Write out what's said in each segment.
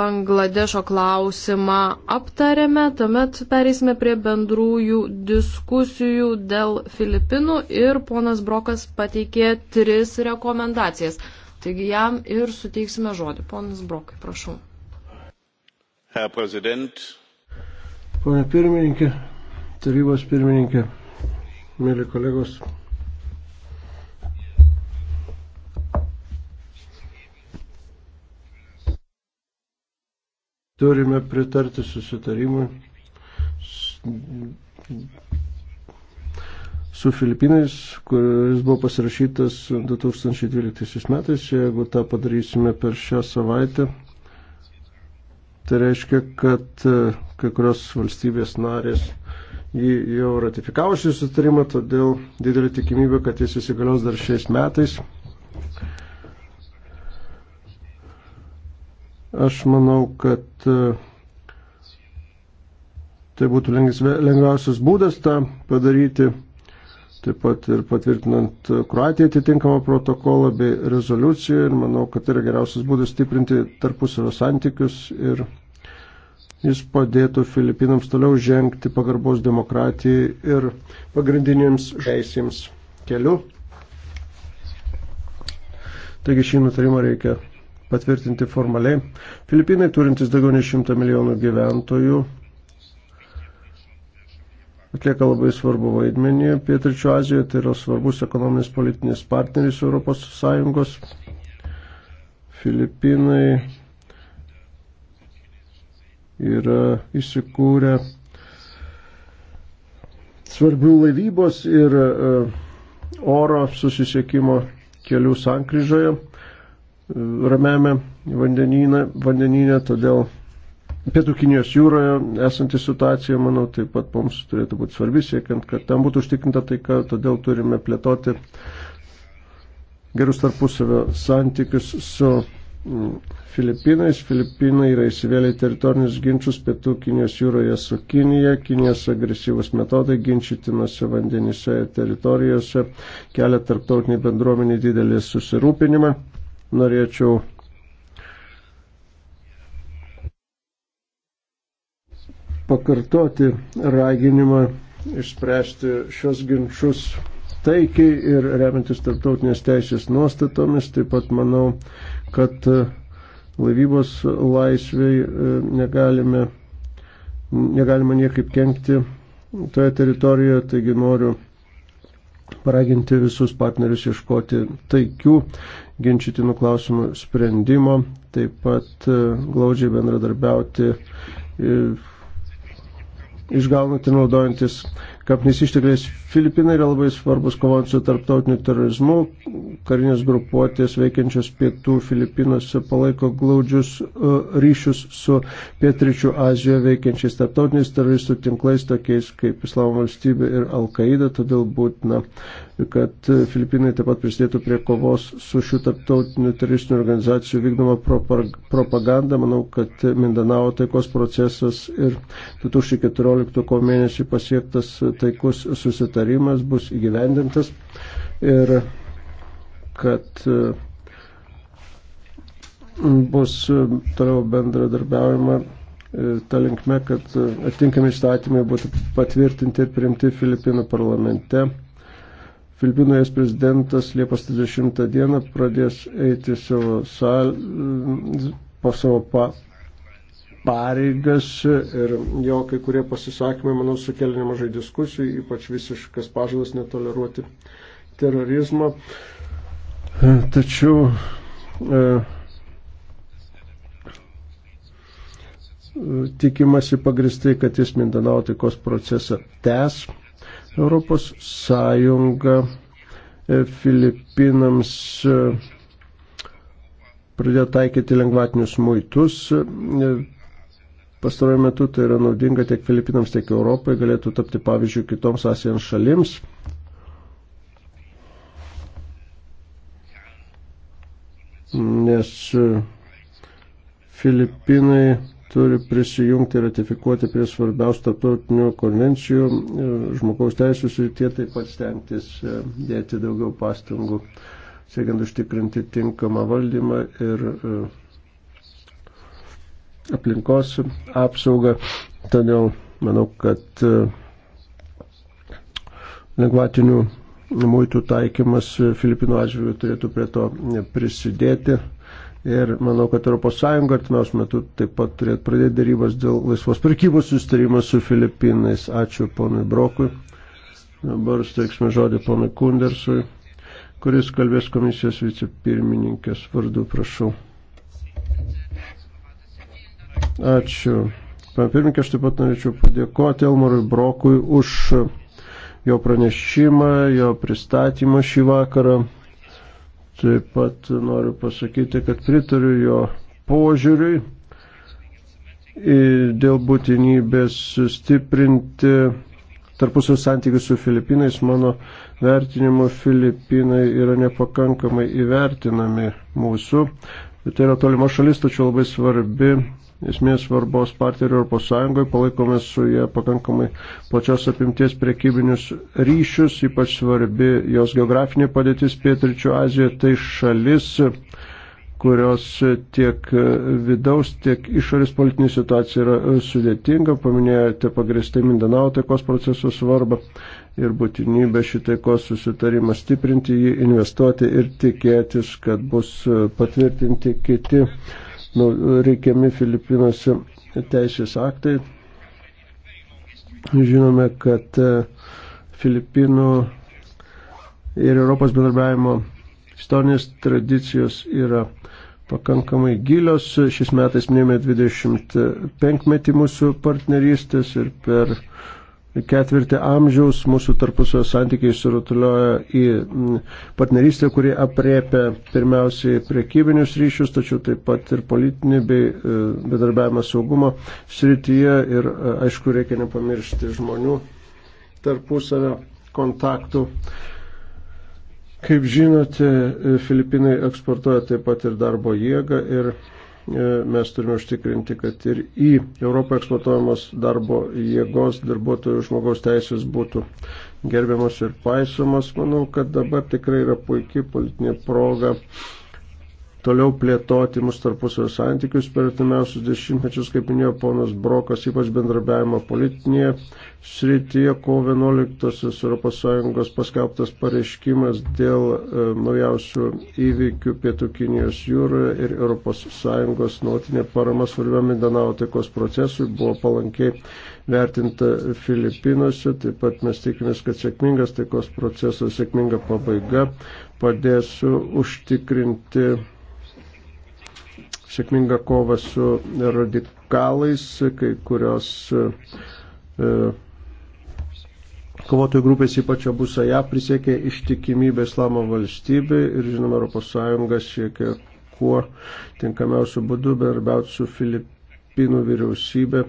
Bangladešo klausimą aptarėme, tuomet pereisime prie bendrųjų diskusijų dėl Filipinų ir ponas Brokas pateikė tris rekomendacijas. Taigi jam ir suteiksime žodį. Ponas Brokai, prašau. Herr Präsident. Pone pirmininkė, tarybos pirmininkė, mėly kolegos, turime pritarti susitarimui su Filipinais, kuris buvo pasirašytas 2012 metais. Jeigu tą padarysime per šią savaitę, tai reiškia, kad e, kai kurios valstybės narės jį jau ratifikavo šį susitarimą, todėl didelė tikimybė, kad jis įsigalios dar šiais metais. Aš manau, kad e, tai būtų lengviausias būdas tą padaryti, taip pat ir patvirtinant Kroatiją atitinkamą protokolą bei rezoliuciją ir manau, kad tai yra geriausias būdas stiprinti tarpusavio santykius ir jis padėtų Filipinams toliau žengti pagarbos demokratijai ir pagrindinėms teisėms keliu. Taigi šį nutarimą reikia patvirtinti formaliai. Filipinai, turintis daugiau nei 100 milijonų gyventojų, atlieka labai svarbu vaidmenį Pietričio Azijoje, tai yra svarbus ekonominis politinis partneris Europos Sąjungos. Filipinai yra įsikūrę svarbių laivybos ir e, oro susisiekimo kelių sankryžoje ramiame vandenyne, vandenyne todėl Pietų Kinijos jūroje esanti situacija, manau, taip pat mums turėtų būti svarbi, siekiant, kad ten būtų užtikrinta taika, todėl turime plėtoti gerus tarpusavio santykius su mm, Filipinais. Filipinai yra įsivėlę į teritorinius ginčius Pietų Kinijos jūroje su Kinija. Kinijos agresyvus metodai ginčytinose vandenyse teritorijose kelia tarptautiniai bendruomeniai didelį susirūpinimą norėčiau pakartoti raginimą išspręsti šios ginčius taikiai ir remiantis tarptautinės teisės nuostatomis. Taip pat manau, kad e, laivybos laisviai e, negalime, negalima niekaip kenkti toje teritorijoje, taigi noriu paraginti visus partnerius ieškoti taikių ginčytinų klausimų sprendimo, taip pat e, glaudžiai bendradarbiauti, e, išgaunant ir naudojantis Kapnis ištekliais Filipinai yra labai svarbus kovant su tarptautiniu terorizmu. Karinės grupuotės veikiančios pietų Filipinuose palaiko glaudžius uh, ryšius su pietričių Azijoje veikiančiais tarptautiniais teroristų tinklais, tokiais kaip Islamo valstybė ir Al-Qaida, todėl būtina uh, kad e, Filipinai taip pat prisidėtų prie kovos su šių tarptautinių teroristinių organizacijų vykdoma propaganda. Manau, kad Mindanao taikos procesas ir 2014 kovo mėnesį pasiektas taikus susitarimas bus įgyvendintas ir kad e, bus toliau bendradarbiaujama e, ta linkme, kad atitinkami įstatymai būtų patvirtinti ir priimti Filipinų parlamente. Filipinų es prezidentas Liepos 30 dieną pradės eiti savo sal, po savo pa, pareigas ir jo kai kurie pasisakymai, manau, sukelia nemažai diskusijų, ypač visiškas pažadas netoleruoti terorizmą. Tačiau e, tikimasi pagristai, kad jis Mindanao taikos procesą tęs Europos Sąjunga e, Filipinams e, pradėjo taikyti lengvatinius muitus. E, pastaruoju metu tai yra naudinga tiek Filipinams, tiek Europai, galėtų tapti pavyzdžių kitoms Asijos šalims. Nes Filipinai turi prisijungti ir ratifikuoti prie svarbiausių tarptautinių konvencijų, e, žmogaus teisų srityje taip pat stengtis e, dėti daugiau pastangų, siekiant užtikrinti tinkamą valdymą ir e, aplinkos apsaugą. Todėl manau, kad lengvatinių muitų taikymas Filipinų atžvilgių turėtų prie to prisidėti. Ir manau, kad ES artimiausiu metu taip pat turėtų pradėti darybas dėl laisvos prekybos sustarimo su Filipinais. Ačiū ponui Brokui. Dabar steiksime žodį ponui Kundersui, kuris kalbės komisijos vicepirmininkės vardu, prašau. Ačiū. Pirmininkė, aš taip pat norėčiau padėkoti Elmarui Brokui už jo pranešimą, jo pristatymą šį vakarą. Taip pat noriu pasakyti, kad pritariu jo požiūriui dėl būtinybės stiprinti tarpusio santykius su Filipinais. Mano vertinimu, Filipinai yra nepakankamai įvertinami mūsų. Tai yra tolima šalis, tačiau labai svarbi esmės svarbos partnerių Europos Sąjungoje, palaikome su jie pakankamai plačios apimties priekybinius ryšius, ypač svarbi jos geografinė padėtis Pietričio Azijoje, tai šalis, kurios tiek vidaus, tiek išorės politinė situacija yra sudėtinga, paminėjote pagristai Mindanao taikos proceso svarbą ir būtinybę šį taikos susitarimą stiprinti, jį investuoti ir tikėtis, kad bus patvirtinti kiti nu, reikiami Filipinose teisės aktai. Žinome, kad e, Filipinų ir Europos bendarbiavimo istorinės tradicijos yra pakankamai gilios. Šis metais minėjome 25 metį mūsų partnerystės ir per uh, ketvirtį amžiaus mūsų tarpusio santykiai surutuliojo į partnerystę, kuri apriepia pirmiausiai priekybinius ryšius, tačiau taip pat ir politinį bei e, bedarbiavimą saugumo srityje ir e, aišku reikia nepamiršti žmonių tarpusavio kontaktų. Kaip žinote, Filipinai eksportuoja taip pat ir darbo jėgą ir E, mes turime užtikrinti, kad ir į Europą eksploatuojamos darbo jėgos darbuotojų žmogaus teisės būtų gerbiamos ir paisomos. Manau, kad dabar tikrai yra puikia politinė proga toliau plėtoti mūsų tarpusio santykius per artimiausius dešimtmečius, kaip minėjo ponas Brokas, ypač bendrabiavimo politinėje srityje, kovo 11 ES paskelbtas pareiškimas dėl e, naujausių įvykių Pietų Kinijos jūroje ir ES nuotinė parama svarbiam Mindanao taikos procesui buvo palankiai vertinta Filipinuose, taip pat mes tikimės, kad sėkmingas taikos procesas, sėkminga pabaiga padės užtikrinti sėkmingą kovą su radikalais, kai kurios e, kovotojų grupės, ypač abu Saja, prisiekė ištikimybę Islamo valstybė ir, žinoma, ES siekia kuo tinkamiausių būdų bendarbiauti su Filipinų vyriausybė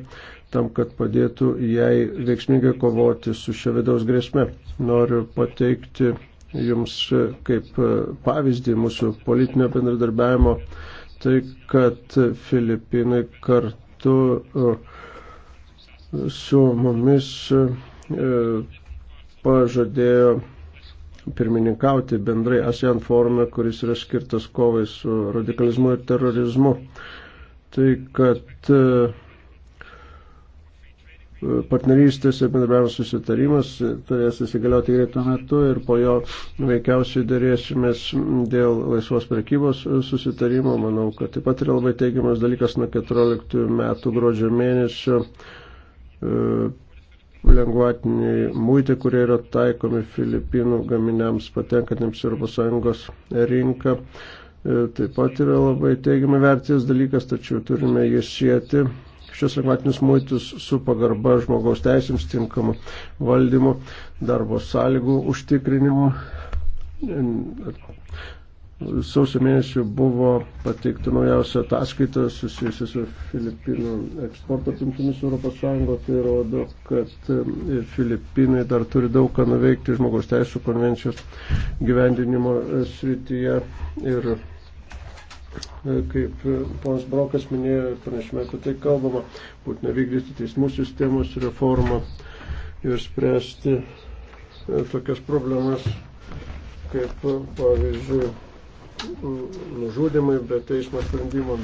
tam, kad padėtų jai veiksmingai kovoti su šia vidaus grėsme. Noriu pateikti Jums kaip pavyzdį mūsų politinio bendradarbiavimo tai, kad Filipinai kartu e, su mumis e, pažadėjo pirmininkauti bendrai ASEAN forume, kuris yra skirtas kovai su radikalizmu ir terorizmu. Tai, kad e, partnerystės ir bendrabiavimas susitarimas turės įsigalioti greitų metų ir po jo veikiausiai dėrėsimės dėl laisvos prekybos susitarimo. Manau, kad taip pat yra labai teigiamas dalykas nuo 14 metų gruodžio mėnesio e, lengvatiniai muitai, kurie yra taikomi Filipinų gaminiams patenkantiems ES rinką. E, taip pat yra labai teigiamai vertės dalykas, tačiau turime jį sieti šios lengvatinius muitus su pagarba žmogaus teisėms tinkamu valdymu, darbo sąlygų užtikrinimu. Sausio mėnesį buvo pateikta naujausia ataskaita susijusi su Filipinų eksporto apimtimis Europos Sąjungo. Tai rodo, kad e, Filipinai dar turi daug ką nuveikti žmogaus teisų konvencijos gyvendinimo e, srityje ir E, kaip e, ponas Brokas minėjo, pranešime apie tai kalbama, būtina vykdyti teismų sistemos reformą ir spręsti e, tokias problemas, kaip pavyzdžiui, nužudimai be teismo sprendimo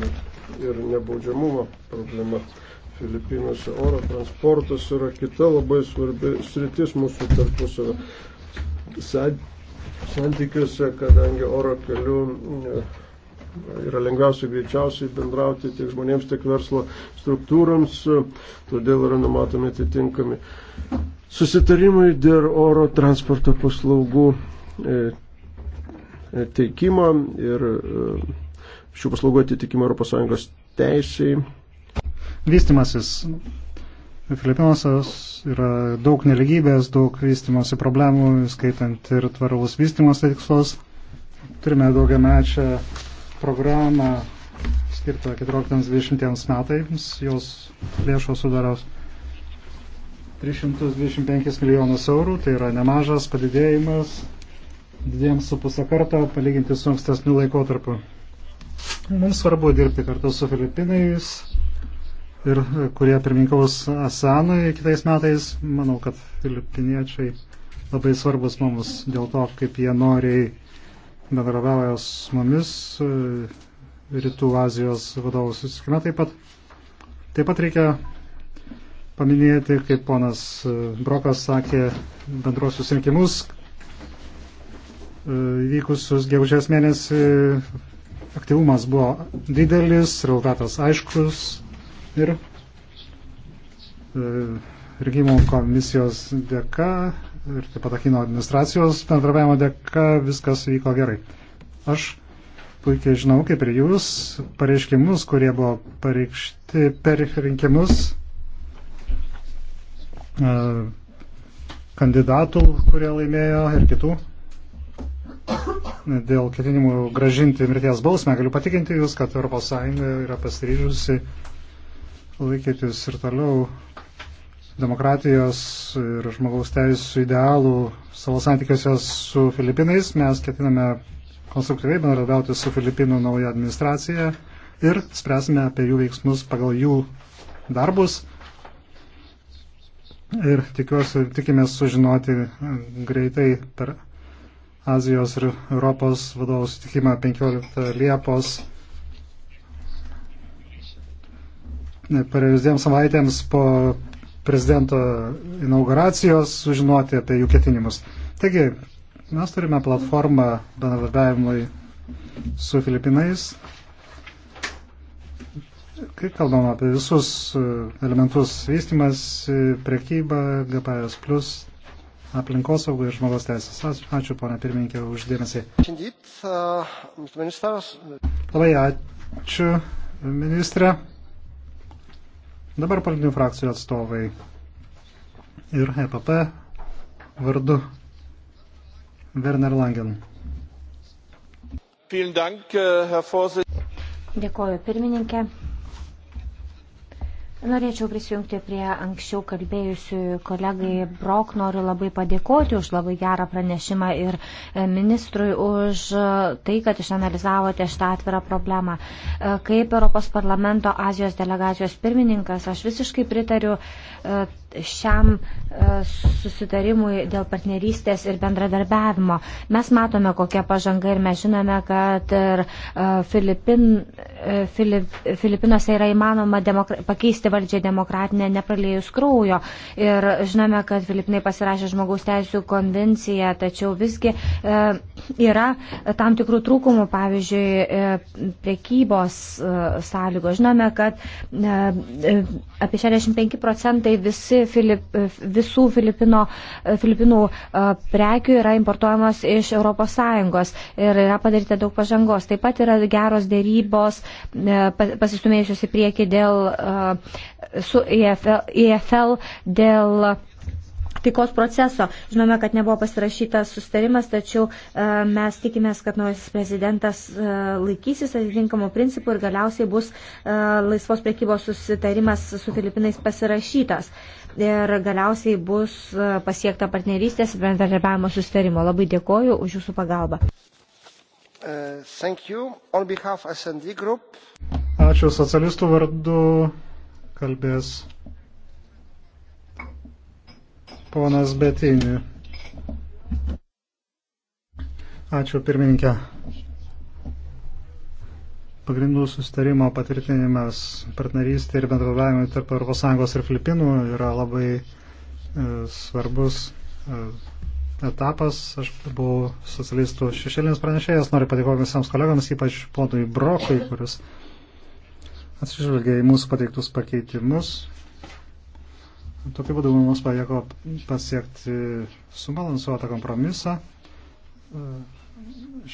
ir nebaudžiamumo problema. Filipinuose oro transportas yra kita labai svarbi sritis mūsų tarpusavio santykiuose, kadangi oro kelių yra lengviausiai greičiausiai bendrauti tiek žmonėms, tiek verslo struktūroms, todėl yra numatomi atitinkami susitarimai dėl oro transporto paslaugų e, e, teikimo ir e, šių paslaugų atitikimo ES teisiai. Vystimasis Filipinuose yra daug neligybės, daug vystimosi problemų, skaitant ir tvaraus vystimosi tikslus. Turime daugiamečią programą skirtą 14-20 metais. Jos lėšos sudaros 325 milijonus eurų, tai yra nemažas padidėjimas dviems su pusę karto palyginti su ankstesniu laikotarpiu. Mums svarbu dirbti kartu su Filipinais ir kurie pirmininkaus Asanui kitais metais. Manau, kad filipiniečiai labai svarbus mums dėl to, kaip jie noriai bendravauja su mumis e, Rytų Azijos vadovų susitikime taip pat. Taip pat reikia paminėti, kaip ponas e, Brokas sakė, bendruosius rinkimus e, vykusius gegužės mėnesį. Aktyvumas buvo didelis, rezultatas aiškus ir rinkimų komisijos dėka ir taip pat Akino administracijos bendravimo dėka viskas vyko gerai. Aš puikiai žinau, kaip ir jūs, pareiškimus, kurie buvo pareikšti per rinkimus e, kandidatų, kurie laimėjo ir kitų. Dėl ketinimų gražinti mirties bausmę galiu patikinti Jūs, kad ES yra pasiryžusi laikytis ir toliau demokratijos ir žmogaus teisų idealų savo santykiuose su Filipinais. Mes ketiname konstruktyviai bendradauti su Filipinų nauja administracija ir spręsime apie jų veiksmus pagal jų darbus. Ir tikiuosi, tikimės sužinoti greitai per Azijos ir Europos vadovų sutikimą 15 Liepos. Per dviem savaitėms po prezidento inauguracijos sužinoti apie jų ketinimus. Taigi, mes turime platformą bendradarbiavimui su Filipinais. Kai kalbam apie visus e, elementus vystimas, e, priekybą, GPS, aplinkosaugą ir žmogaus teisės. Ačiū, ačiū ponė pirmininkė, uždėmesį. Uh, Labai ačiū, ministrė. Dabar politinių frakcijų atstovai ir EPP vardu Werner Langen. Äh, Dėkoju pirmininkė. Norėčiau prisijungti prie anksčiau kalbėjusių kolegai Brok. Noriu labai padėkoti už labai gerą pranešimą ir e, ministrui už e, tai, kad išanalizavote šitą atvirą problemą. E, kaip Europos parlamento Azijos delegacijos pirmininkas, aš visiškai pritariu šiam e, susitarimui dėl partnerystės ir bendradarbiavimo. Mes matome, kokia pažanga ir mes žinome, kad ir e, Filipin, e, Filip, Filipinuose yra įmanoma demokra, pakeisti valdžią demokratinę nepralėjus kraujo. Ir žinome, kad Filipinai pasirašė žmogaus teisų konvenciją, tačiau visgi e, yra tam tikrų trūkumų, pavyzdžiui, e, priekybos e, sąlygos. Žinome, kad e, apie 65 procentai visi Filip, visų Filipino, Filipinų prekių yra importuojamos iš ES ir yra padaryta daug pažangos. Taip pat yra geros dėrybos e, pasistumėjusios į priekį dėl, su EFL, EFL dėl taikos proceso. Žinome, kad nebuvo pasirašytas sustarimas, tačiau e, mes tikimės, kad naujasis prezidentas e, laikysis atitinkamų principų ir galiausiai bus laisvos priekybos susitarimas su Filipinais pasirašytas ir galiausiai bus e, pasiekta partnerystės ir bendradarbiavimo sustarimo. Labai dėkoju už Jūsų pagalbą. Uh, Ačiū socialistų vardu. Kalbės ponas Betinį. Ačiū pirmininkė pagrindų sustarimo patvirtinimas partnerystė ir bendradavimai tarp ES ir Filipinų yra labai e, svarbus e, etapas. Aš buvau socialistų šešėlinis pranešėjas, noriu padėkoti visiems kolegams, ypač plotui Brokui, kuris atsižvelgia į mūsų pateiktus pakeitimus. Tokiu būdu mums pavyko pasiekti subalansuotą kompromisą. E,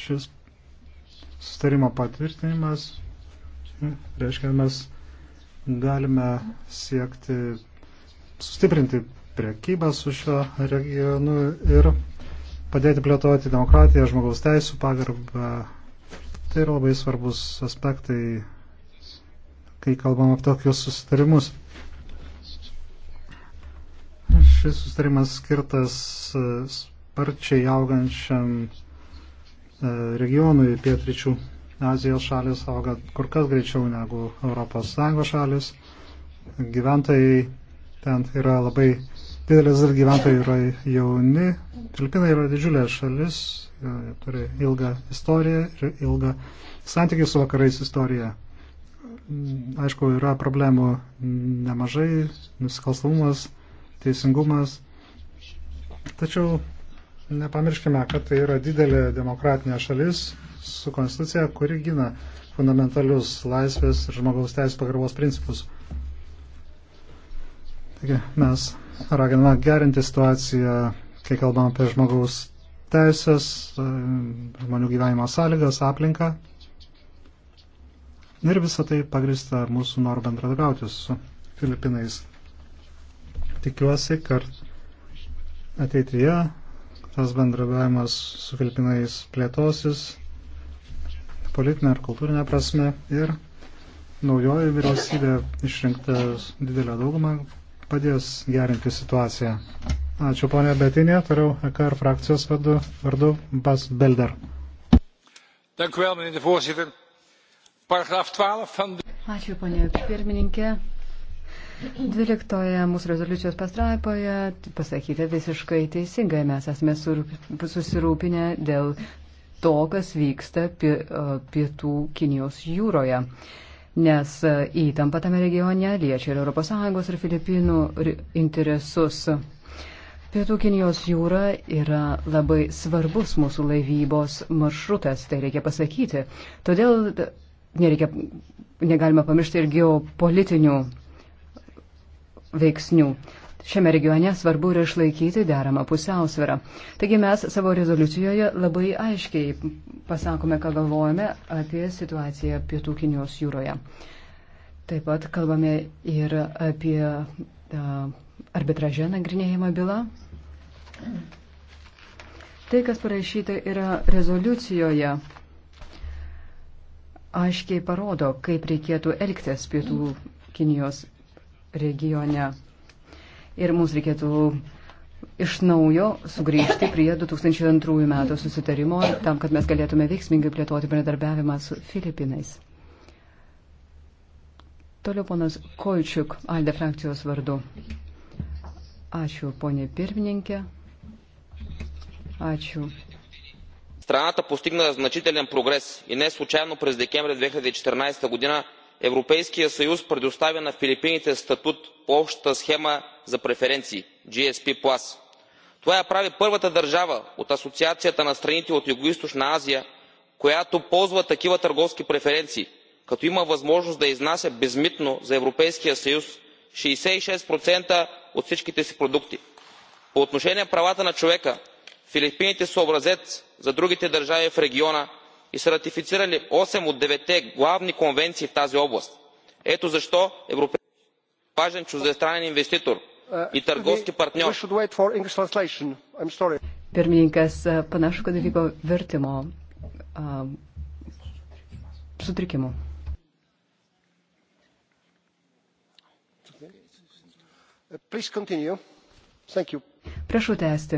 šis sustarimo patvirtinimas reiškia, mes galime siekti sustiprinti priekybą su šio regionu ir padėti plėtoti demokratiją, žmogaus teisų pagarbą. Tai yra labai svarbus aspektai, kai kalbam apie tokius sustarimus. Šis sustarimas skirtas sparčiai augančiam E, regionui pietričių Azijos šalis auga kur kas greičiau negu ES šalis. Gyventojai ten yra labai, didelis dalis gyventojų yra jauni. Filipinai yra didžiulė šalis, e, turi ilgą istoriją ir ilgą santykių su vakarais istoriją. Aišku, yra problemų nemažai, nusikalstamumas, teisingumas. Tačiau Nepamirškime, kad tai yra didelė demokratinė šalis su konstitucija, kuri gina fundamentalius laisvės ir žmogaus teisų pagarbos principus. Taigi mes raginame gerinti situaciją, kai kalbam apie žmogaus teisės, žmonių gyvenimo sąlygas, aplinką. Ir visą tai pagrįsta mūsų noru bendradarbiauti su Filipinais. Tikiuosi, kad ateityje tas bendravimas su Filipinais plėtosis politinė ir kultūrinė prasme ir naujoji vyriausybė išrinkta didelę daugumą padės gerinti situaciją. Ačiū ponė Betinė, toliau EKR frakcijos vadu, vardu Bas Belder. Ačiū ponė pirmininkė. 12 mūsų rezoliucijos pastraipoje pasakyta visiškai teisingai, mes esame susirūpinę dėl to, kas vyksta pietų Kinijos jūroje nes e, įtampa tame regione liečia ir ES ir Filipinų interesus. Pietų Kinijos jūra yra labai svarbus mūsų laivybos maršrutas, tai reikia pasakyti. Todėl e, nereikia, negalima pamiršti ir geopolitinių veiksnių. Šiame regione svarbu yra išlaikyti deramą pusiausvyrą. Taigi mes savo rezoliucijoje labai aiškiai pasakome, ką galvojame apie situaciją Pietų Kinijos jūroje. Taip pat kalbame ir apie arbitraže nagrinėjimą bylą. Tai, kas parašyta yra rezoliucijoje, aiškiai parodo, kaip reikėtų elgtis Pietų Kinijos regione. Ir mums reikėtų iš naujo sugrįžti prie 2002 metų susitarimo tam, kad mes galėtume veiksmingai plėtoti bendradarbiavimą su Filipinais. Toliau ponas Kojčiuk, Alde frakcijos vardu. Ačiū, ponė pirmininkė. Ačiū. Страната постигна значителен прогрес и не случайно през декември 2014 година европейският съюз предоставя на филипините статут по общата схема за преференции gsp. това я прави първата държава от асоциацията на страните от югоизточна азия която ползва такива търговски преференции като има възможност да изнася безмитно за европейския съюз шестдесет и шест процента от всичките си продукти. по отношение правата на човека филипините са образец за другите държави в региона и са ратифицирали осем от деветте главни конвенции в тази област. ето защо европейският съюз е важен чуждестранен инвеститор и търговски партньор. Pirmininkas, uh, panašu, kad įvyko vertimo a, uh, sutrikimų. Uh, Prašau tęsti.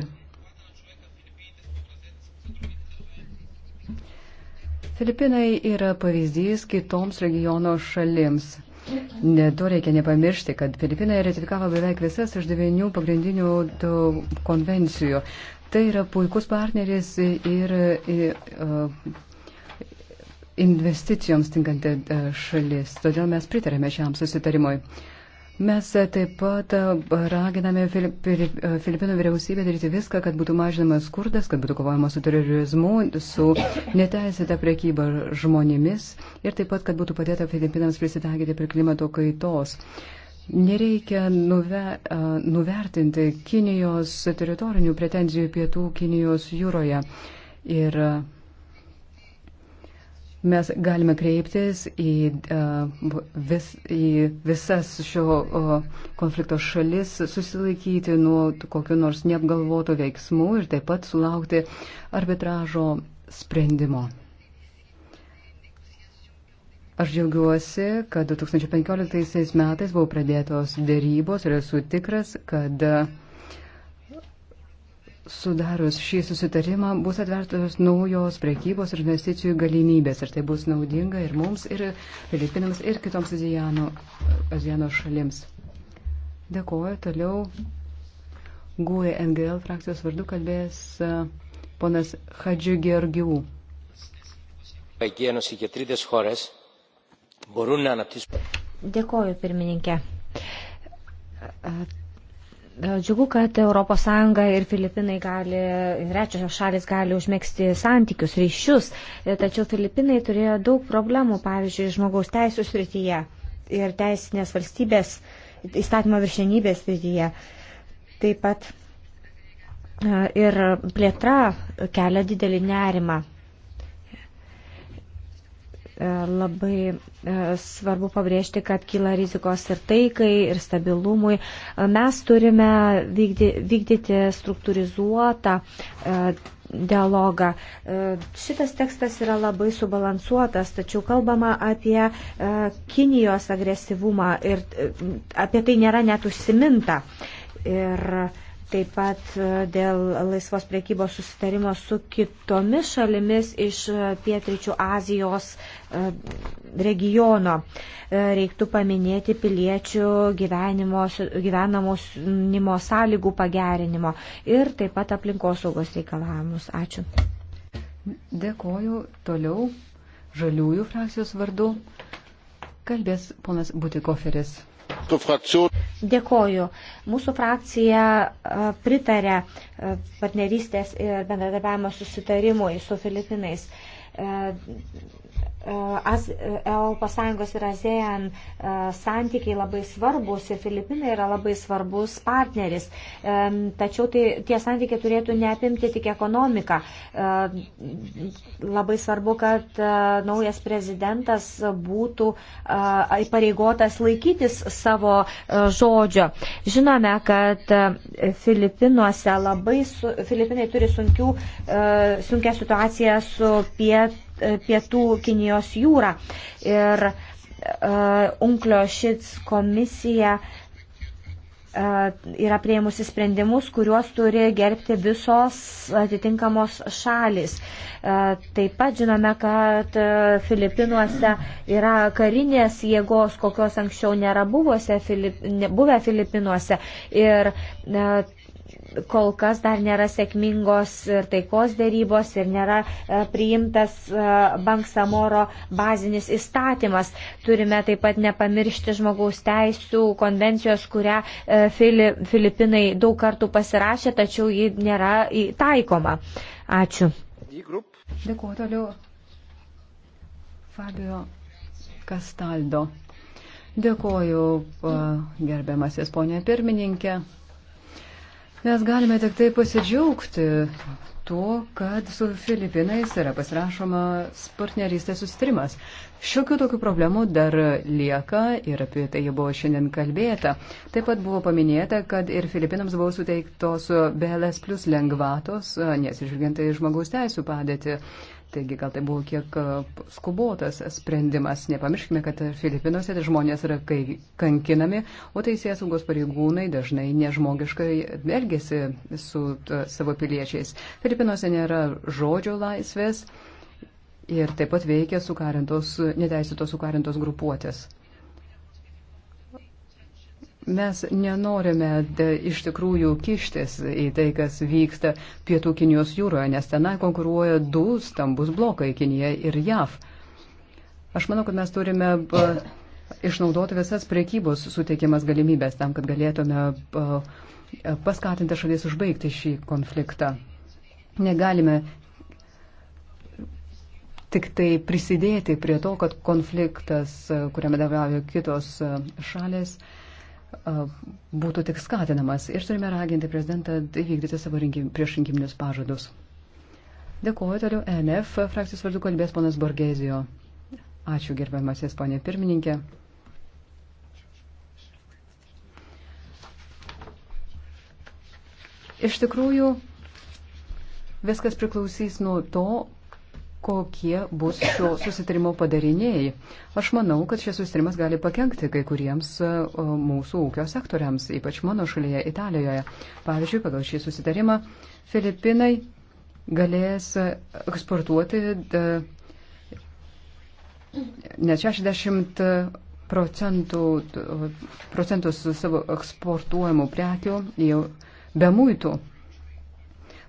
Filipinai yra pavyzdys kitoms regiono šalims. Ne, to reikia nepamiršti, kad Filipinai ratifikavo beveik visas iš devinių pagrindinių konvencijų. Tai yra puikus partneris ir, ir investicijoms tinkanti e, šalis. Todėl mes pritarėme šiam susitarimui. Mes taip pat raginame Filip, Filipinų vyriausybę daryti viską, kad būtų mažinamas skurdas, kad būtų kovojama su terorizmu, su neteisėta priekyba žmonėmis ir taip pat, kad būtų padėta Filipinams prisitaikyti prie klimato kaitos. Nereikia nuve, nuvertinti Kinijos teritorinių pretenzijų pietų Kinijos jūroje. Ir mes galime kreiptis į, uh, vis, į visas šio uh, konflikto šalis, susilaikyti nuo kokiu nors neapgalvoto veiksmu ir taip pat sulaukti arbitražo sprendimo. Aš džiaugiuosi, kad 2015 metais buvo pradėtos dėrybos ir esu tikras, kad uh, Sudarius šį susitarimą bus atvertos naujos prekybos ir investicijų galimybės ir tai bus naudinga ir mums, ir Filipinams, ir kitoms Azijano, Azijano šalims. Dėkuoju. Toliau GUE NGL frakcijos vardu kalbės ponas Hadži Georgių. Dėkuoju, pirmininkė E, džiugu, kad ES ir Filipinai gali, trečiosios šalis gali užmėgsti santykius, ryšius, e, tačiau Filipinai turėjo daug problemų, pavyzdžiui, žmogaus teisų srityje ir teisinės valstybės įstatymo viršenybės srityje. Taip pat e, ir plėtra kelia didelį nerimą. E, labai e, svarbu pabrėžti, kad kyla rizikos ir taikai, ir stabilumui. E, mes turime vykdyti struktūrizuotą dialogą. Šitas tekstas yra labai subalansuotas, tačiau kalbama apie Kinijos agresyvumą ir apie tai nėra net užsiminta. Ir Taip pat e, dėl laisvos priekybos susitarimo su kitomis šalimis iš e, Pietričių Azijos e, regiono. Reiktų paminėti piliečių gyvenamo sąlygų pagerinimo ir taip pat aplinkosaugos reikalavimus. Ačiū. Dėkoju. Toliau žaliųjų frakcijos vardu kalbės ponas Butikoferis. Dėkoju. Mūsų frakcija e, pritarė e, partnerystės ir bendradarbiavimo susitarimui su Filipinais. E, ES ir ASEAN e, santykiai labai svarbus ir Filipinai yra labai svarbus partneris. E, tačiau tai, tie santykiai turėtų neapimti tik ekonomiką. E, labai svarbu, kad naujas prezidentas būtų pareigotas laikytis savo žodžio. Žinome, kad Filipinuose labai su, Filipinai turi sunkių, sunkia situacija su piet E, pietų Kinijos jūrą. Ir e, Unklio Šits komisija e, yra prieimusi sprendimus, kuriuos turi gerbti visos atitinkamos šalis. Taip pat žinome, kad Filipinuose yra karinės jėgos, kokios anksčiau nėra buvose, Filip, buvę Filipinuose. Ir kol kas dar nėra sėkmingos taikos dėrybos ir nėra e, priimtas e, Banksamoro bazinis įstatymas. Turime taip pat nepamiršti žmogaus teisų konvencijos, kurią e, Filipinai daug kartų pasirašė, tačiau ji nėra taikoma. Ačiū. Dėkuoju toliau. Fabio Kastaldo. Dėkuoju, gerbiamasis ponė pirmininkė. Mes galime tik tai pasidžiaugti tuo, kad su Filipinais yra pasirašomas partnerystės sustrimas. Šiokių tokių problemų dar lieka ir apie tai jau buvo šiandien kalbėta. Taip pat buvo paminėta, kad ir Filipinams buvo suteiktos BLS plus lengvatos, nesižvelgiant į žmogaus teisų padėtį. Uh, Taigi gal tai buvo kiek e, skubotas sprendimas. Nepamirškime, kad Filipinuose žmonės yra kai kankinami, o teisės saugos pareigūnai dažnai nežmogiškai elgesi su e, savo piliečiais. Filipinuose nėra žodžio laisvės ir taip pat veikia sukarintos, neteisėtos sukarintos grupuotės. Mes nenorime de, iš tikrųjų kištis į tai, kas vyksta pietų Kinijos jūroje, nes tenai konkuruoja du stambus blokai - Kinija ir JAV. Aš manau, kad mes turime e, išnaudoti visas priekybos suteikiamas galimybės tam, kad galėtume e, e, paskatinti šalis užbaigti šį konfliktą. Negalime tik tai prisidėti prie to, kad konfliktas, kuriame dalyvauja kitos šalės, uh, būtų tik skatinamas ir turime raginti prezidentą įvykdyti savo rinkim, priešrinkiminius pažadus. Dėkuoju toliau ENF frakcijos vardu kalbės ponas Borgezijo. Ačiū gerbiamasis ponė pirmininkė. Iš tikrųjų, viskas priklausys nuo to, kokie bus šio susitarimo padariniai. Aš manau, kad šis susitarimas gali pakengti kai kuriems e, mūsų ūkio sektoriams, ypač mano šalyje Italijoje. Pavyzdžiui, pagal šį susitarimą Filipinai galės eksportuoti e, net 60 procentų, procentus savo eksportuojamų prekių jau be muitų.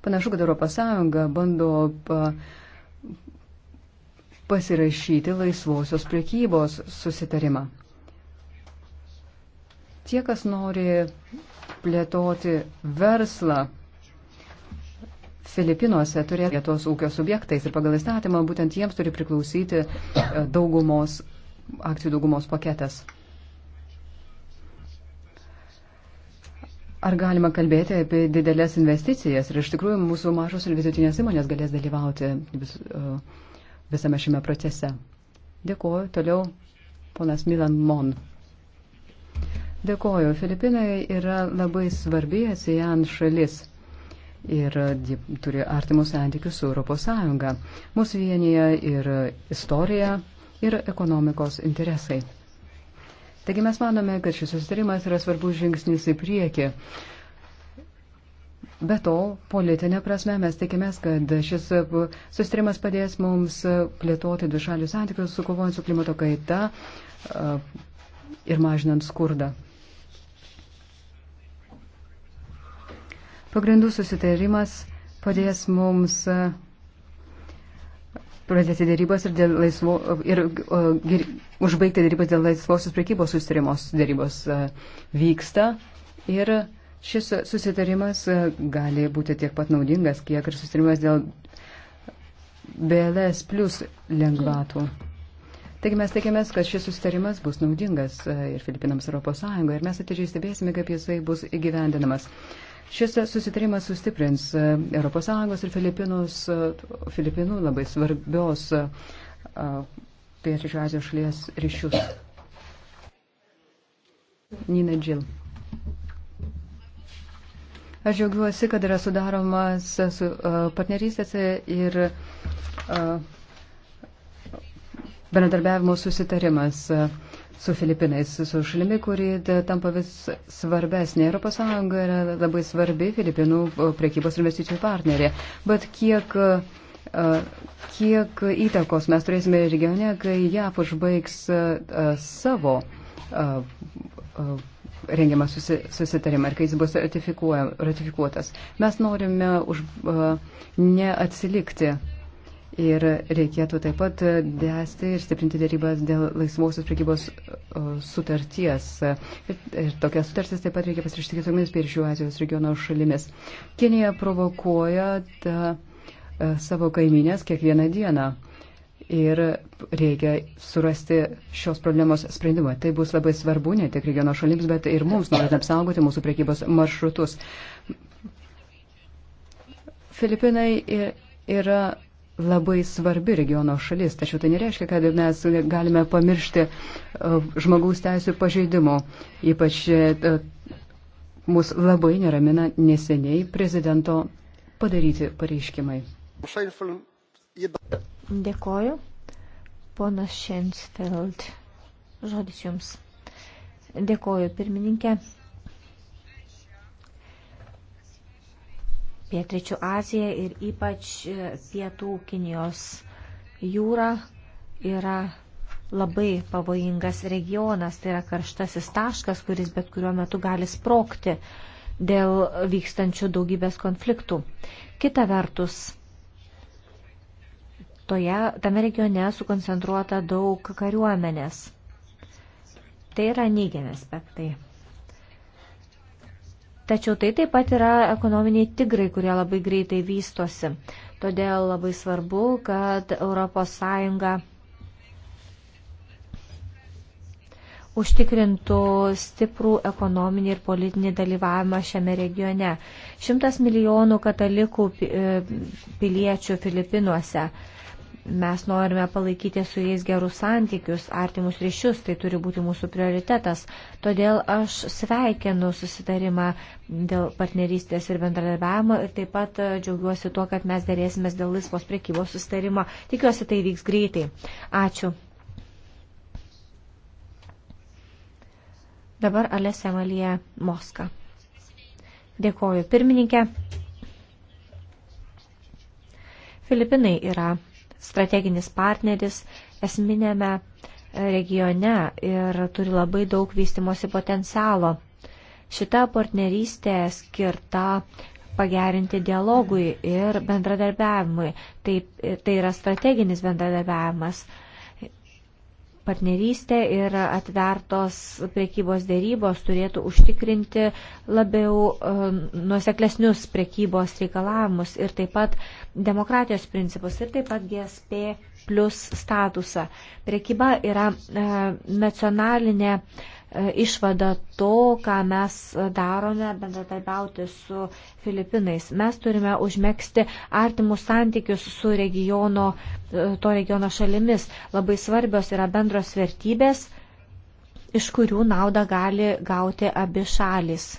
Panašu, kad ES bando pasirašyti laisvosios priekybos susitarimą. Tie, kas nori plėtoti verslą Filipinuose, turėtų vietos ūkio subjektais ir pagal įstatymą būtent jiems turi priklausyti e, daugumos, akcijų daugumos paketas. Ar galima kalbėti apie didelės investicijas ir iš tikrųjų mūsų mažos ir vidutinės įmonės galės dalyvauti vis, e, visame šiame procese? Dėkuoju. Toliau ponas Milan Mon. Dėkuoju. Filipinai yra labai svarbi ASEAN šalis ir ji turi artimus santykius su ES. Mūsų vienyje ir istorija, ir ekonomikos interesai. Taigi mes manome, kad šis susitarimas yra svarbus žingsnis į priekį. Be to, politinė prasme mes tikimės, kad šis sustarimas padės mums plėtoti dvišalius santykius, sukovojant su klimato kaita ir mažinant skurdą. Pagrindų susitarimas padės mums pradėti dėrybas ir, dėl laisvo, ir, ir užbaigti dėrybas dėl laisvosios prekybos susitarimos. Dėrybos e, vyksta ir šis susitarimas e, gali būti tiek pat naudingas, kiek ir susitarimas dėl BLS plus lengvatų. Taigi mes tikimės, kad šis susitarimas bus naudingas e, ir Filipinams Europos Sąjungoje ir mes atidžiai stebėsime, kaip jisai bus įgyvendinamas. Šis susitarimas sustiprins ES ir Filipinus, e, Filipinų labai svarbios e, e, Pietričio Azijos šalies ryšius. Nina Džil. Aš džiaugiuosi, kad yra sudaromas su, uh, partnerystėse ir uh, bendradarbiavimo susitarimas. Uh, su Filipinais, su šalimi, kuri tampa vis svarbesnė. ES yra labai svarbi Filipinų priekybos investicijų partnerė. Bet kiek, kiek įtakos mes turėsime regione, kai JAF užbaigs savo rengiamą susi, susitarimą ir kai jis bus ratifikuotas. Mes norime už, neatsilikti Ir reikėtų taip pat dėsti ir stiprinti dėrybas dėl laisvosios prekybos sutarties. Ir, ir tokias sutartis taip pat reikia pasirašyti kitomis Piržų Azijos regiono šalimis. Kinija provokuoja ta, e, savo kaiminės kiekvieną dieną. Ir reikia surasti šios problemos sprendimą. Tai bus labai svarbu ne tik regiono šalims, bet ir mums, norint apsaugoti mūsų prekybos maršrutus. Filipinai yra labai svarbi regiono šalis, tačiau tai nereiškia, kad mes galime pamiršti e, žmogaus teisų pažeidimo. Ypač e, e, mus labai neramina neseniai prezidento padaryti pareiškimai. Dėkoju. Ponas Šensfeld. Žodis jums. Dėkoju, pirmininkė. Pietričių Aziją ir ypač e, Pietų Kinijos jūra yra labai pavojingas regionas, tai yra karštasis taškas, kuris bet kuriuo metu gali sprokti dėl vykstančių daugybės konfliktų. Kita vertus, toje, tame regione sukoncentruota daug kariuomenės. Tai yra neigiami aspektai. Tačiau tai taip pat yra ekonominiai tigrai, kurie labai greitai vystosi. Todėl labai svarbu, kad ES užtikrintų stiprų ekonominį ir politinį dalyvavimą šiame regione. Šimtas milijonų katalikų e, piliečių Filipinuose Mes norime palaikyti su jais gerus santykius, artimus ryšius, tai turi būti mūsų prioritetas. Todėl aš sveikinu susitarimą dėl partnerystės ir bendradarbiavimo ir taip pat e, džiaugiuosi tuo, kad mes dėrėsimės dėl laisvos priekybos susitarimo. Tikiuosi, tai vyks greitai. Ačiū. Dabar Alesė Malija Moska. Dėkoju pirmininkė. Filipinai yra strateginis partneris esminėme regione ir turi labai daug vystimosi potencialo. Šita partnerystė skirta pagerinti dialogui ir bendradarbiavimui. Taip, tai yra strateginis bendradarbiavimas partnerystė ir atvertos priekybos dėrybos turėtų užtikrinti labiau e, nuoseklesnius priekybos reikalavimus ir taip pat demokratijos principus ir taip pat GSP plus statusą. Prekyba yra e, nacionalinė e, išvada to, ką mes darome bendradarbiauti su Filipinais. Mes turime užmėgsti artimus santykius su regiono, e, to regiono šalimis. Labai svarbios yra bendros vertybės, iš kurių naudą gali gauti abi šalis.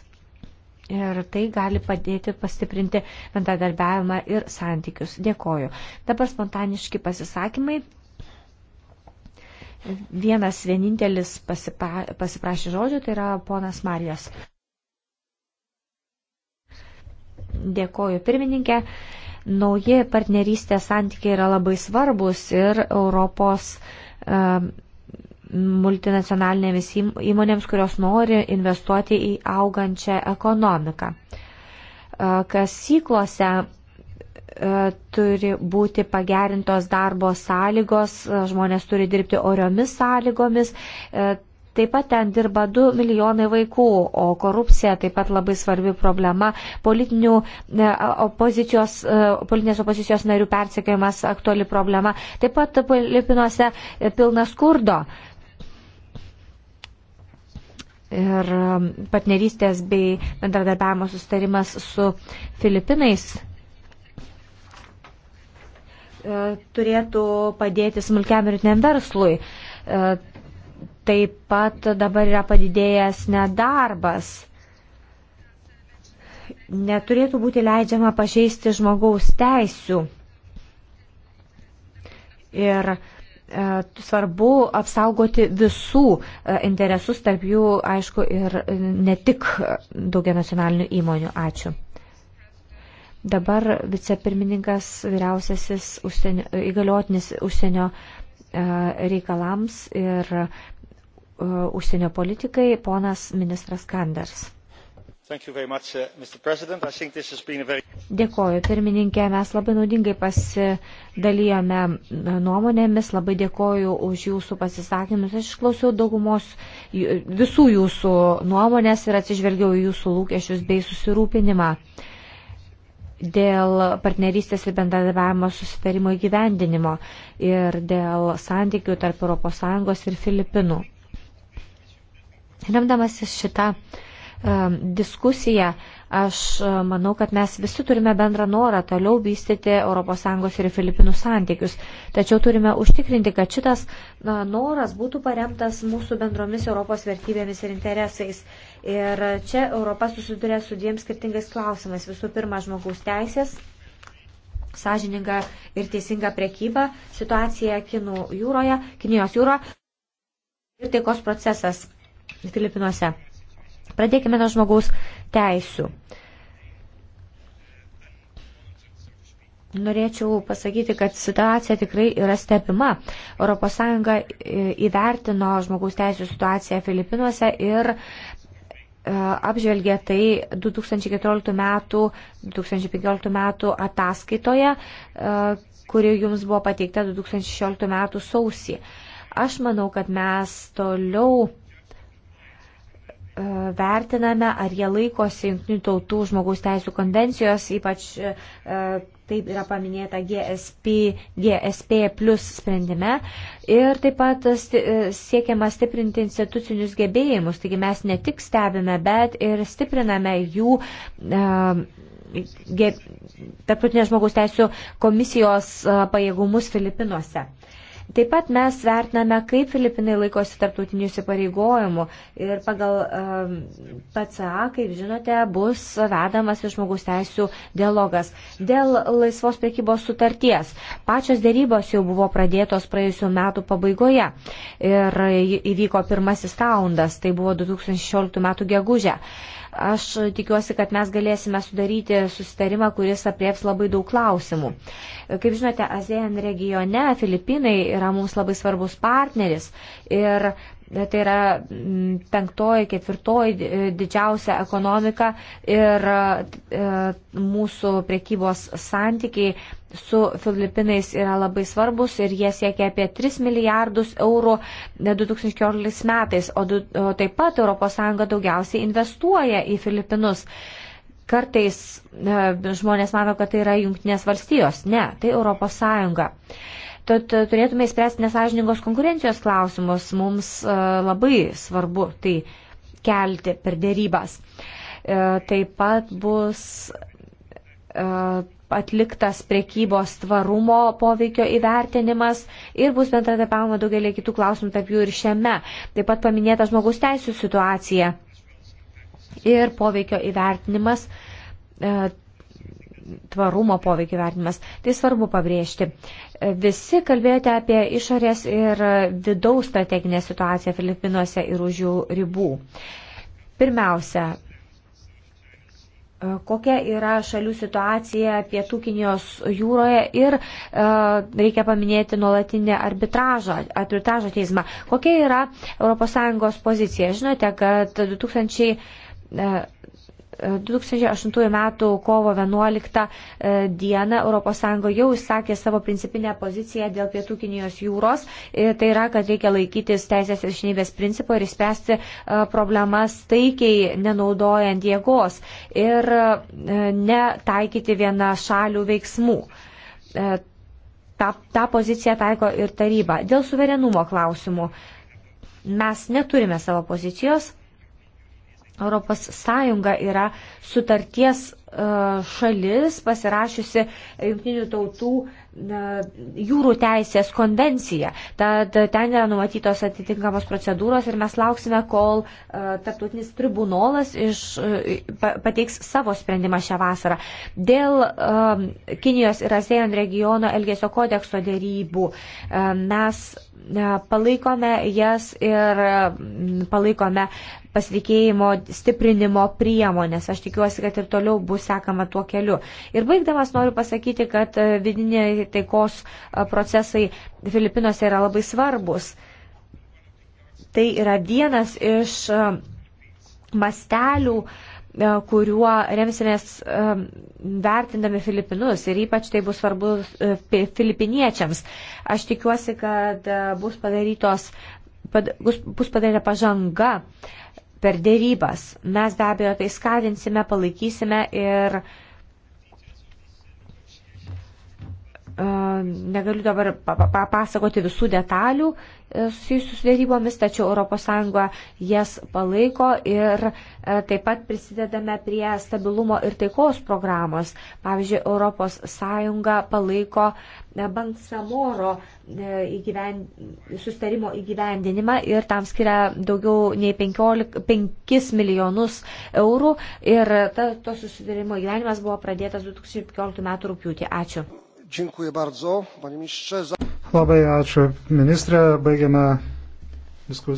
Ir tai gali padėti pastiprinti bendradarbiavimą ir santykius. Dėkoju. Dabar spontaniški pasisakymai. Vienas vienintelis pasipra, pasiprašė žodžio, tai yra ponas Marijos. Dėkoju pirmininkė. Nauji partnerystės santykiai yra labai svarbus ir Europos. Um, multinacionalinėmis įmonėms, kurios nori investuoti į augančią ekonomiką. E, kasyklose e, turi būti pagerintos darbo sąlygos, e, žmonės turi dirbti oriomis sąlygomis. Taip pat ten dirba 2 milijonai vaikų, o korupcija taip pat labai svarbi problema. Politinių opozicijos, politinės opozicijos narių persekiojimas aktuali problema. Taip pat Filipinuose pilna skurdo ir um, partnerystės bei bendradarbiavimo sustarimas su Filipinais e, turėtų padėti smulkiam ir tiniam verslui. E, taip pat dabar yra padidėjęs nedarbas. Neturėtų būti leidžiama pažeisti žmogaus teisių. Ir uh, E, svarbu apsaugoti visų e, interesus, tarp jų, aišku, ir e, ne tik daugia nacionalinių įmonių. Ačiū. Dabar vicepirmininkas, vyriausiasis užsienio, įgaliotinis užsienio reikalams ir užsienio politikai, ponas ministras Kanders. Uh, dėkoju, pirmininkė, mes labai naudingai pasidalijome uh, nuomonėmis, labai dėkoju už jūsų pasisakymus. Aš išklausiau daugumos visų jūsų nuomonės ir atsižvelgiau į jūsų lūkesčius bei susirūpinimą dėl partnerystės ir bendradarbiavimo susitarimo įgyvendinimo ir dėl santykių tarp ES ir Filipinų. Remdamasis šitą E, diskusiją, aš e, manau, kad mes visi turime bendrą norą toliau vystyti ES ir Filipinų santykius. Tačiau turime užtikrinti, kad šitas na, noras būtų paremtas mūsų bendromis Europos vertybėmis ir interesais. Ir čia Europa susiduria su dviem skirtingais klausimais. Visų pirma, žmogaus teisės sąžininga ir teisinga prekyba, situacija Kinų jūroje, Kinijos jūroje ir taikos procesas Filipinuose. Pradėkime nuo žmogaus teisų. Norėčiau pasakyti, kad situacija tikrai yra stebima. ES e, įvertino žmogaus teisų situaciją Filipinuose ir e, apžvelgė tai 2014 metų, 2015 metų ataskaitoje, e, kuri jums buvo pateikta 2016 metų sausį. Aš manau, kad mes toliau E, vertiname, ar jie laikosi Junktinių tautų žmogaus teisų konvencijos, ypač e, taip yra paminėta GSP, GSP plus sprendime. Ir taip pat e, siekiama stiprinti institucinius gebėjimus, taigi mes ne tik stebime, bet ir stipriname jų. Tarptautinės žmogaus teisų komisijos pajėgumus Filipinuose. Taip pat mes vertiname, kaip Filipinai laikosi tarptautinių įsipareigojimų ir pagal um, ehm, PCA, kaip žinote, bus vedamas ir žmogus teisų dialogas. Dėl laisvos priekybos sutarties pačios dėrybos jau buvo pradėtos praėjusiu metu pabaigoje ir įvyko pirmasis raundas, tai buvo 2016 metų gegužė. Uh, Aš tikiuosi, kad mes galėsime sudaryti susitarimą, kuris aprieps labai daug klausimų. Kaip žinote, ASEAN regione Filipinai yra mums labai svarbus partneris ir Tai yra penktoji, ketvirtoji didžiausia ekonomika ir e, mūsų priekybos santykiai su Filipinais yra labai svarbus ir jie siekia apie 3 milijardus eurų 2014 e, metais, o taip pat ES daugiausiai investuoja į Filipinus kartais e, žmonės mano, kad tai yra jungtinės valstijos. Ne, tai Europos Sąjunga. Tad e, turėtume įspręsti nesažiningos konkurencijos klausimus. Mums e, labai svarbu tai kelti per dėrybas. E, taip pat bus atliktas prekybos tvarumo poveikio įvertinimas ir bus bendradarbiavimo daugelį kitų klausimų, tarp jų ir šiame. Taip pat paminėta žmogus teisų situacija ir poveikio įvertinimas tvarumo poveikį vertinimas. Tai svarbu pabrėžti. Visi kalbėjote apie išorės ir vidaus strateginę situaciją Filipinuose ir už jų ribų. Pirmiausia, kokia yra šalių situacija pietų Kinijos jūroje ir e, reikia paminėti nuolatinį arbitražą, arbitražą teismą. Kokia yra ES pozicija? Žinote, kad 2000. E, 2008 m. kovo 11 d. ES jau išsakė savo principinę poziciją dėl Pietų Kinijos jūros. E, tai yra, kad reikia laikytis teisės viršinybės principo ir išspręsti e, problemas taikiai, nenaudojant jėgos ir e, netaikyti viena šalių veiksmų. Ta, ta pozicija taiko ir taryba. Dėl suverenumo klausimų mes neturime savo pozicijos ES yra sutarties e, šalis pasirašiusi Junktinių tautų e, jūrų teisės konvenciją. Tad ten yra numatytos atitinkamos procedūros ir mes lauksime, kol e, tarptautinis tribunolas iš, pateiks savo sprendimą šią vasarą. Dėl Kinijos ir ASEAN regiono Elgesio kodekso dėrybų mes palaikome jas ir mm, palaikome pasitikėjimo stiprinimo priemonės. Aš tikiuosi, kad ir toliau bus sekama tuo keliu. Ir baigdamas noriu pasakyti, kad e, vidiniai taikos e, procesai Filipinose yra labai svarbus. Tai yra vienas iš e, mastelių, uh, E, kuriuo remsimės e, vertindami Filipinus ir ypač tai bus svarbu e, filipiniečiams. Aš tikiuosi, kad bus, padarytos, bus padaryta pažanga per dėrybas. Mes be abejo tai skatinsime, palaikysime ir uh, Negaliu dabar papasakoti visų detalių e, susijusių su dėrybomis, tačiau ES jas palaiko ir e, taip pat prisidedame prie stabilumo ir taikos programos. Pavyzdžiui, ES palaiko e, Banksamoro įgyvend... sustarimo įgyvendinimą ir tam skiria daugiau nei 15, 5 milijonus eurų ir ta, to susitarimo įgyvendinimas buvo pradėtas 2015 m. rūpjūtį. Ačiū. Dziękuję bardzo, panie ministrze. Za... Labai ačiū, ministrė. Baigiame diskusiją.